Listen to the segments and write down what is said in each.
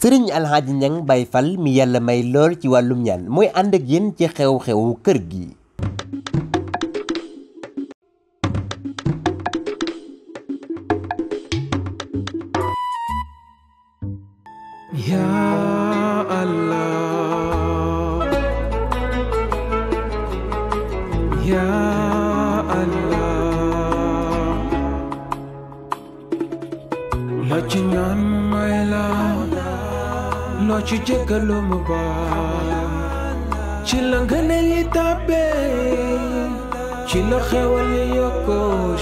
sëriñ alxaaji ñang bay fal mi yàlla may lool ci wàllum ñaan mooy ànd ak yéen ci xew-xewu kër gi jéggalu mu baal ci la ngëneel yi ci la xewal yi yokkoo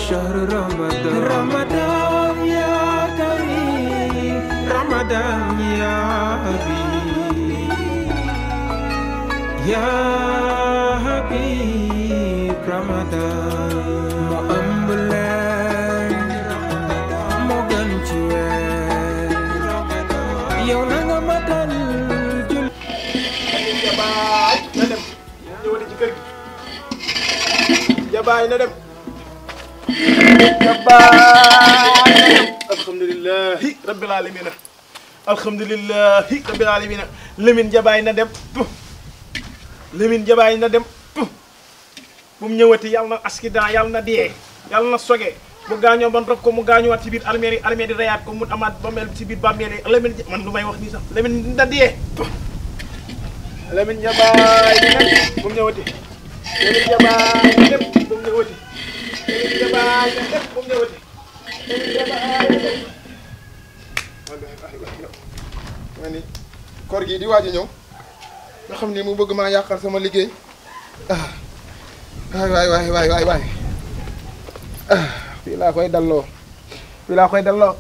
ramadan ya karim ramadan ya habib ya habib ramadan bàyyi na dem bàyyi na dem alhamdulilahi rabbil alamina jabaay na dem Lamine jabaay na dem bu mu ñëwati na accident yàlla na dee yàlla na soge bu gaañoo ban rob ko mu gaañuwaat ci biir armée reyaat ko mu amaat bameel ci biir bàmmeel yi Lamine na dee Lamine jabaay na dem bu mu dañuy jabaay koor gii di waaj ñëw nga xam ni mu bëgg maa yàqal sama liggéey ah waay waay waay waay waay waay ah fii laa koy dalloo fii laa koy dalloo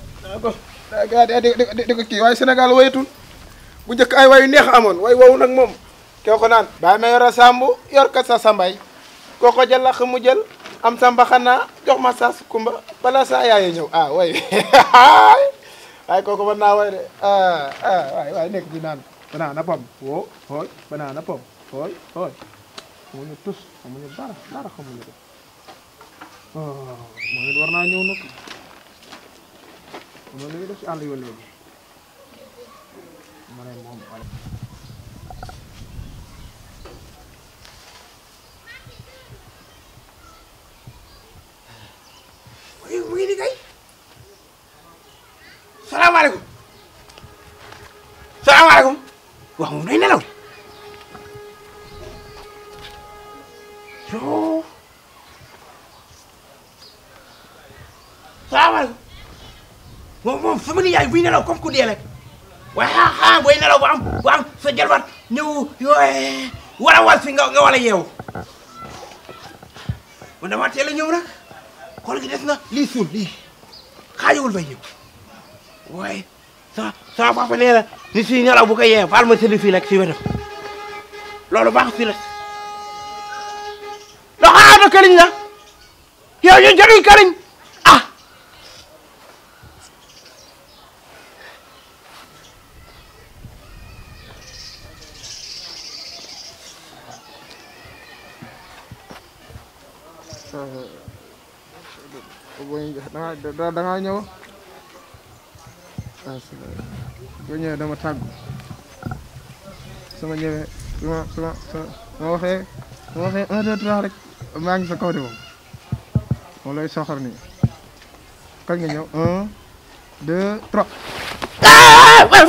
waaye Sénégal wayatul bu njëkk ay yu neex amoon way wow nag moom. kooko naan bàyyi ma yor a sàmb yor ka sa sambay kooko jël la mu jël am samba jox ma saa su bala saa yaayee ñëw ah way waaye kooku mën naa way de ah ah waay waay nekk di naan banana pom woo pom hooy hooy xamuñu tus xamuñu dara dara xamuñu de la ñuy def ci àll salaamaaleykum wax moom day nelaw de yoo salaamaaleykum moom moom sama nijaay buy nelaw comme ku dee rek waaye xaa xaa nelaw ba am ba am sa jarbat ñëw yooye wala wal si wala yeewu man dama teel a ñëw nag xool gi des na lii suul lii bay ñëw waaye sa sama papa nee na ni si nelaw bu ko yee baal ma sëli fii rek si loolu baax si la doxaa na këriñ la yow ñu jëriñ këriñ ah da nga da nga distance la boo ñëwee dama tàggu sama ñëwee suma suma ma waxee ma waxee un deux trois rek maa ngi sa kaw de moom moom lay soxor nii kañ nga ñëw un deux trois ah, ah,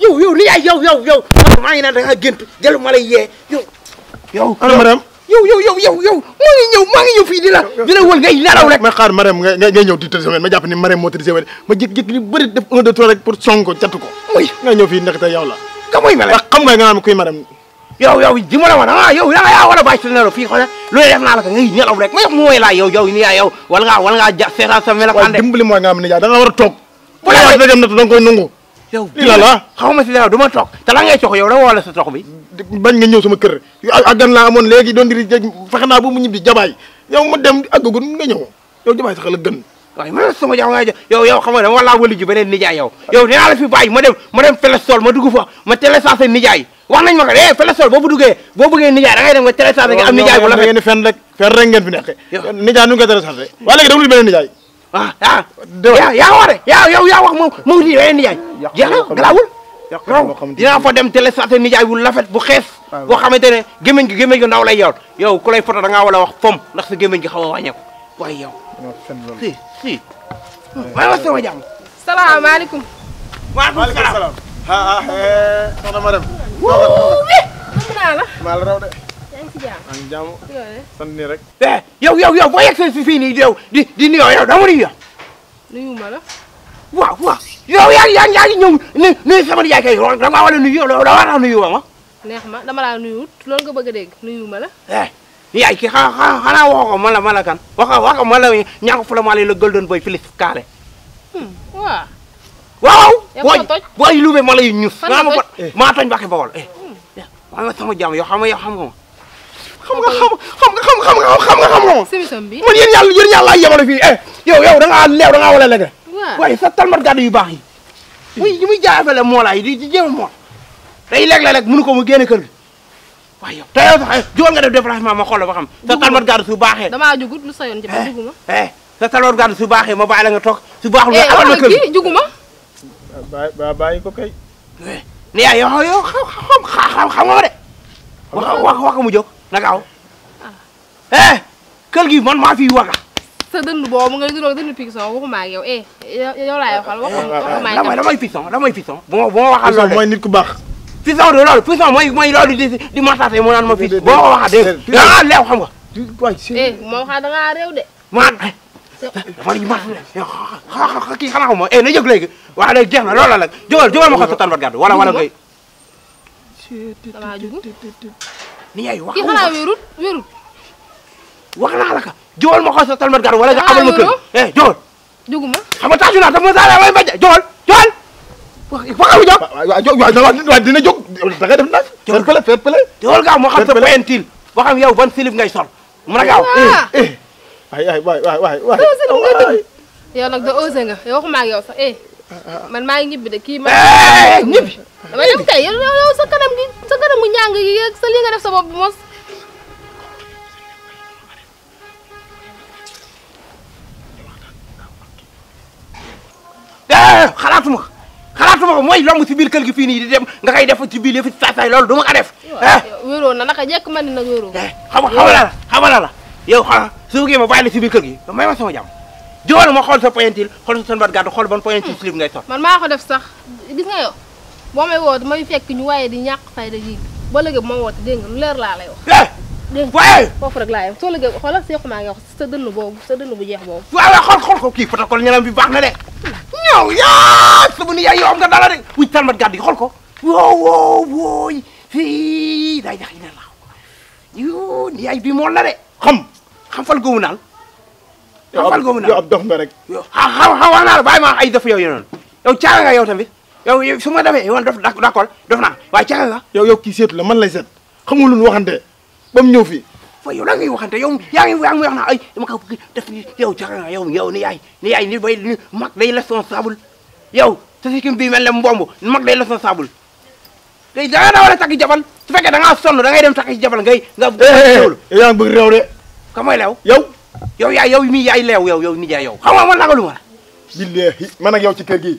yow yow yow yow yow maa ngi naan da nga gént ma lay yee yow yow ana madame yow yow yow yow yow maa nga ngay ñëw di tëdd di ma la woon nga yaa a ni yaa yow wala ngaa wala ngaa seetaan sa a na da nga nungu yow lii la la xaw ma si dara du ma toog te la ngay cox yow da wala sa tox bi bañ nga ñëw sama kër a gan laa amoon léegi doon diri fexe naa bu mu ñibbi jabaay yow ma dem àggagul nga ñëw yow jabaay sax la gën waaye ma sama jaw nga yow yow xam nga dama walaa wali ah. ma dem ma dem Felestol ma dugg fa ma téléchargé nijaay wax nañ ma ko eh Felestol boo fa duggee boo bëggee nijaay da ngeen fen rek fen rek ngeen fi nekk nijaay nu nga téléchargé waaye léegi dama lu beneen nijaay ah ah. yaa yaa wax yaa wax moom moom di waaye nijaay. jeex na galaawul. yàq dinaa fa dem télé saate nijaay bu lafet bu xees. boo xamante ne gémmiñ gi gémmiñ gi ndaw lay yor yow ku lay foto da ngaa war wax fom ndax sa gémmiñ gi xa a wàññeeku waaye yow. si si. waaw sama salaam. ah ah soxna Marème. wuuu de. ak jàmm sant ni rek. Eh, yow yow yow boo yegsee di di nuyoo yow dama nuyu yow. nuyu ma la. waaw waaw yow yaa yaa yaa ngi ñëw nuyu nuyu a nuyu yow a dama laa nuyut loolu nga a dégg nuyu ma eh, ki xa xa xanaa waxoo ma la ma la kan waxoo waxoo ma la ñaaka fulamaale la golden boy Félix Kaale. Hmm, waaw. waaw. booy luube ma lay ñus. fan la toj eh. maa toj Mbacke Bawol. waaw hmm. sama jàmm yow xam nga ma. xam nga xam xam nga xam xam nga xam nga bi man yéen yàlla yéen fii eh, yow yow da ngaa leew da lege. waaw sa talmat gàddu yu baax yi. muy li a jaayafale moolaa yi di jéem a mool. day léeg-léeg mënu ko mu génne kër gi. waaye yow te yow sax eh, jugal nga def ma xool ba xam. sa talmat gàddu su baaxee. damaa jugut lu sayoon jëm juguma. su baaxee ma bàyyi la nga toog su baaxul nga eh, amal na kër gi juguma. ba ko kay. ni yaay yow yow xam xam xam nga ma de. wax wax mu jóg na gaaw ah. eh kër gi man maa fi waga sa dënd boobu nga dund ak dënd Pikson waxuma ak yow eh yow laay waxal ah, waxuma ak ah, yow damay mooy nit ku baax Pikson du mooy mooy loolu di di matate mu naan ma fi boo ko waxaa dégg nga leew xam nga eh moo waxaa da ngaa réew de maa dafa ñu mat xaa kii xanaa xamuma eh na jóg léegi waaw léegi jeex na loolu wala wala ngay ni yaay wax a wérut wérut wax naa la ka jool ma xoso talmat gar wala nga amal ma kër eh jool juguma xam nga taaju naa daf ma sala way mbaje jool jool wax a jóg waaw dina jóg da nga def nag fer pele fer pele jool gaaw moo xam sa pointil boo xam yow ban silib ngay sol mu na gaaw eh, eh ay ay waay waay waay waay yow nag da osé nga yow waxuma ak yow sax eh ah, ah, ah. man maa ngi ñibbi ma eh, ñibbi dama dem tey yow sa kanam mu njàng yeeg sa lii nga def sa bopp mos. Eh, xalaatuma ko xalaatuma ko mooy lomb si biir kër gi fii nii di dem nga koy def ci biir yëpp saa saa loolu du ma ko def. Eh. wéeroon na naka njëkk man nag wéeroon. Eh, xam nga xamalala xamalala yow xanaa ah, su ma ma bàyyi la si biir kër gi may ma sama jàmm jiwal ma xool sa poyentil xool sa sonn bat gàddu xool ban poyentil hmm. slip ngay sol. man maa ko def sax gis nga yow boo may woo damay fekk ñu waaye di ñàkk fayda yi. ba léegi ma woote dégg nga lu leer laa lay wax. Eh! dégg nga foofu soo léegi xoolal bu jeex boobu. waaw waaw xool xool ko kii protocole ñanam bi baax na de. ñëw yaa sama ni yaay yow dala de wuy talmat gàdd yi xool ko. woo woo wooy fii daay jax yi laaw yoo ni yaay bi mool la de xam xam fal goowu naal. xam fal goowu naal yow ab dox nga rek. yow ma ay def yow yenoon yow caa nga yow yow yow su ma demee yow daf d'accord def naa waaye caa la. yow yow kii seetu la man lay seet xamul lu ñu waxante ba mu ñëw fii. waaw yow lan ngay waxante yow yaa ngi yaa ngi wax naa ay dama ko def ni yow caa la yow yow ni yaay ni yaay ni bay ni mag day responsable yow sa sikkim bii mel ne mbomb mag day responsable tey da ngaa war a takki jabal su fekkee da ngaa sonn da ngay dem takki jabal ngay nga. réew eh, eh, la eh, yaa ngi bëgg réew de. ka mooy leew yow. yow yaay yow mii yaay leew yow yow nijaay yow xam nga man laagaluma la. billaahi man ak yow ci kër gi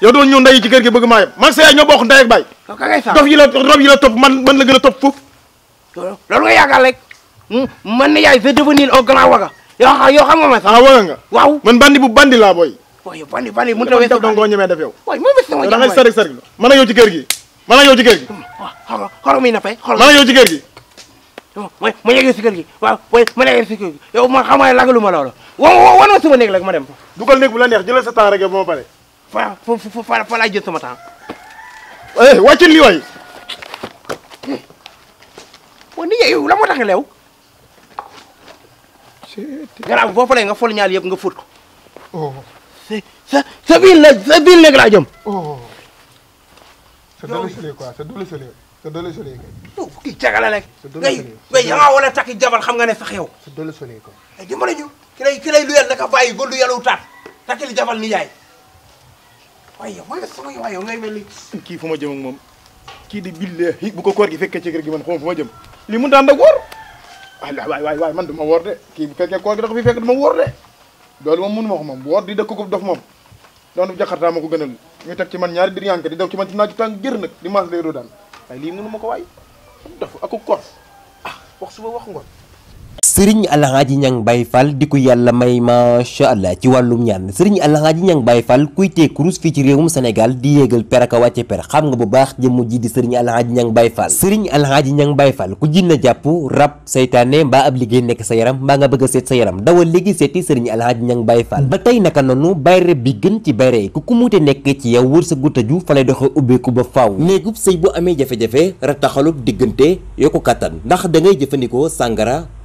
yow doon ñëw nday ci kër gi bëgg maa man sa yaay ñoo bokk ndey ak baay. yi la rob yi la topp man man la gën a topp foofu. loolu nga yaakaar rek hmm? man na yaay veut devenir au grand waga yoo ma sax. ah waga nga waaw man bandi bu bandi laa booy. waaye bandi a weesu. dafa doon ñemee yow. da ngay sari sari la man ak yow ci kër gi man ak yow na fay. xoolal man ak yow ci kër gi. Hmm. Hmm, mooy ma ma yeggee si kër gi yow xam ma loolu. wa wa wan ma sama néeg rek ma dem. dugal néeg bu la neex jëlal sa temps rek yow ba ma pare fa fa fa laay jël sama temps. Eh, wàccu lii waay. waaw nit yi yow la moo tax nga leew. boo paree nga fol ñaal yëpp nga fot ko. Oh. sa sa biir la sa biir nekk laa jëm. sa doole sëlee quoi sa doole sëlee sa doole sëlee kay. kii cagala rek. sa ngay ngay wala takki jabar xam nga ne sax yow. sa doole sëlee quoi. ay dimbali ñu ki lay ki lay luyal naka bàyyi ba luyalu taat takki li jabar ni yaay. waaye yow mooy sama waay yow ngay mel ni kii moom kii di billahi ko koor gi fekkee ci kër gi man xaw ma fu ma jëm lii mënut a ànd ak woor waay waay waay man dama woor de kii bu fekkee koor gi da ko fi fekk dama woor de loolu moom mënu ma moom woor di dëkk ko dof moom doonu jakartaa ma ko gënal ñu teg ci man ñaari biir yànk di daw ci man ci naaju tàng gër nag di maas doo daan waaye lii mënu ma ko waay dof ak ko koor ah wax suba wax ngoon sëriñ alxaaji ñang bay fall di ko yàlla may macha allah ci wàllum ñaan sëriñ alxaaji ñang bay fall kuy tee kurus fii ci réewum sénégal di yéegal per ak wàcce per xam nga bu baax jëmm ji di sëriñ alxaaji ñang bay fall sëriñ alxaaji ñang bay fall ku jinna jàpp rab saytaane mbaa ab liggéey nekk sa yaram mbaa nga bëgg a seet sa yaram dawal léegi seeti sëriñ alxaaji ñang bay fall ba tey naka noonu bayre bi gën ci bayre ku ku muute nekk ci yow wërsëgu tëju fa lay doxe ubbeeku ba faaw néegub sëy bu amee jafe-jafe diggante yokku kàttan ndax da ngay jëfandikoo sàngara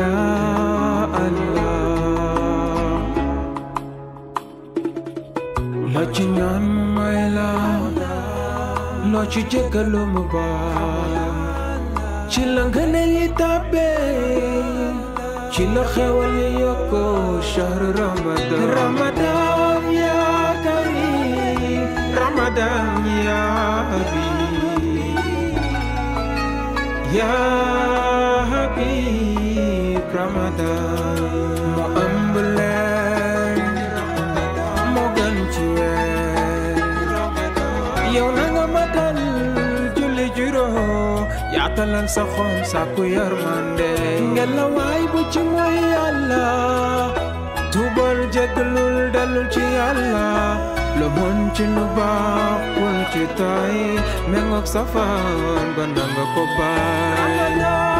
ya Allah loo ci ñaan may la loo ci jéggalu mu baal ci la yi tàbbee ci la xewal yokkoo shahru ramadan ya karim ramadan ya habib ya Ramadan ma ëmb leen moo gën ci weer yow na nga matal julli juróom yaatalal sa xol sàkku yërmande ngela waay bu ci mooy yàlla tuubal jégalul dalul ci yàlla lu mën ci lu baax ci tay mengoog safaan ba nanga ko baay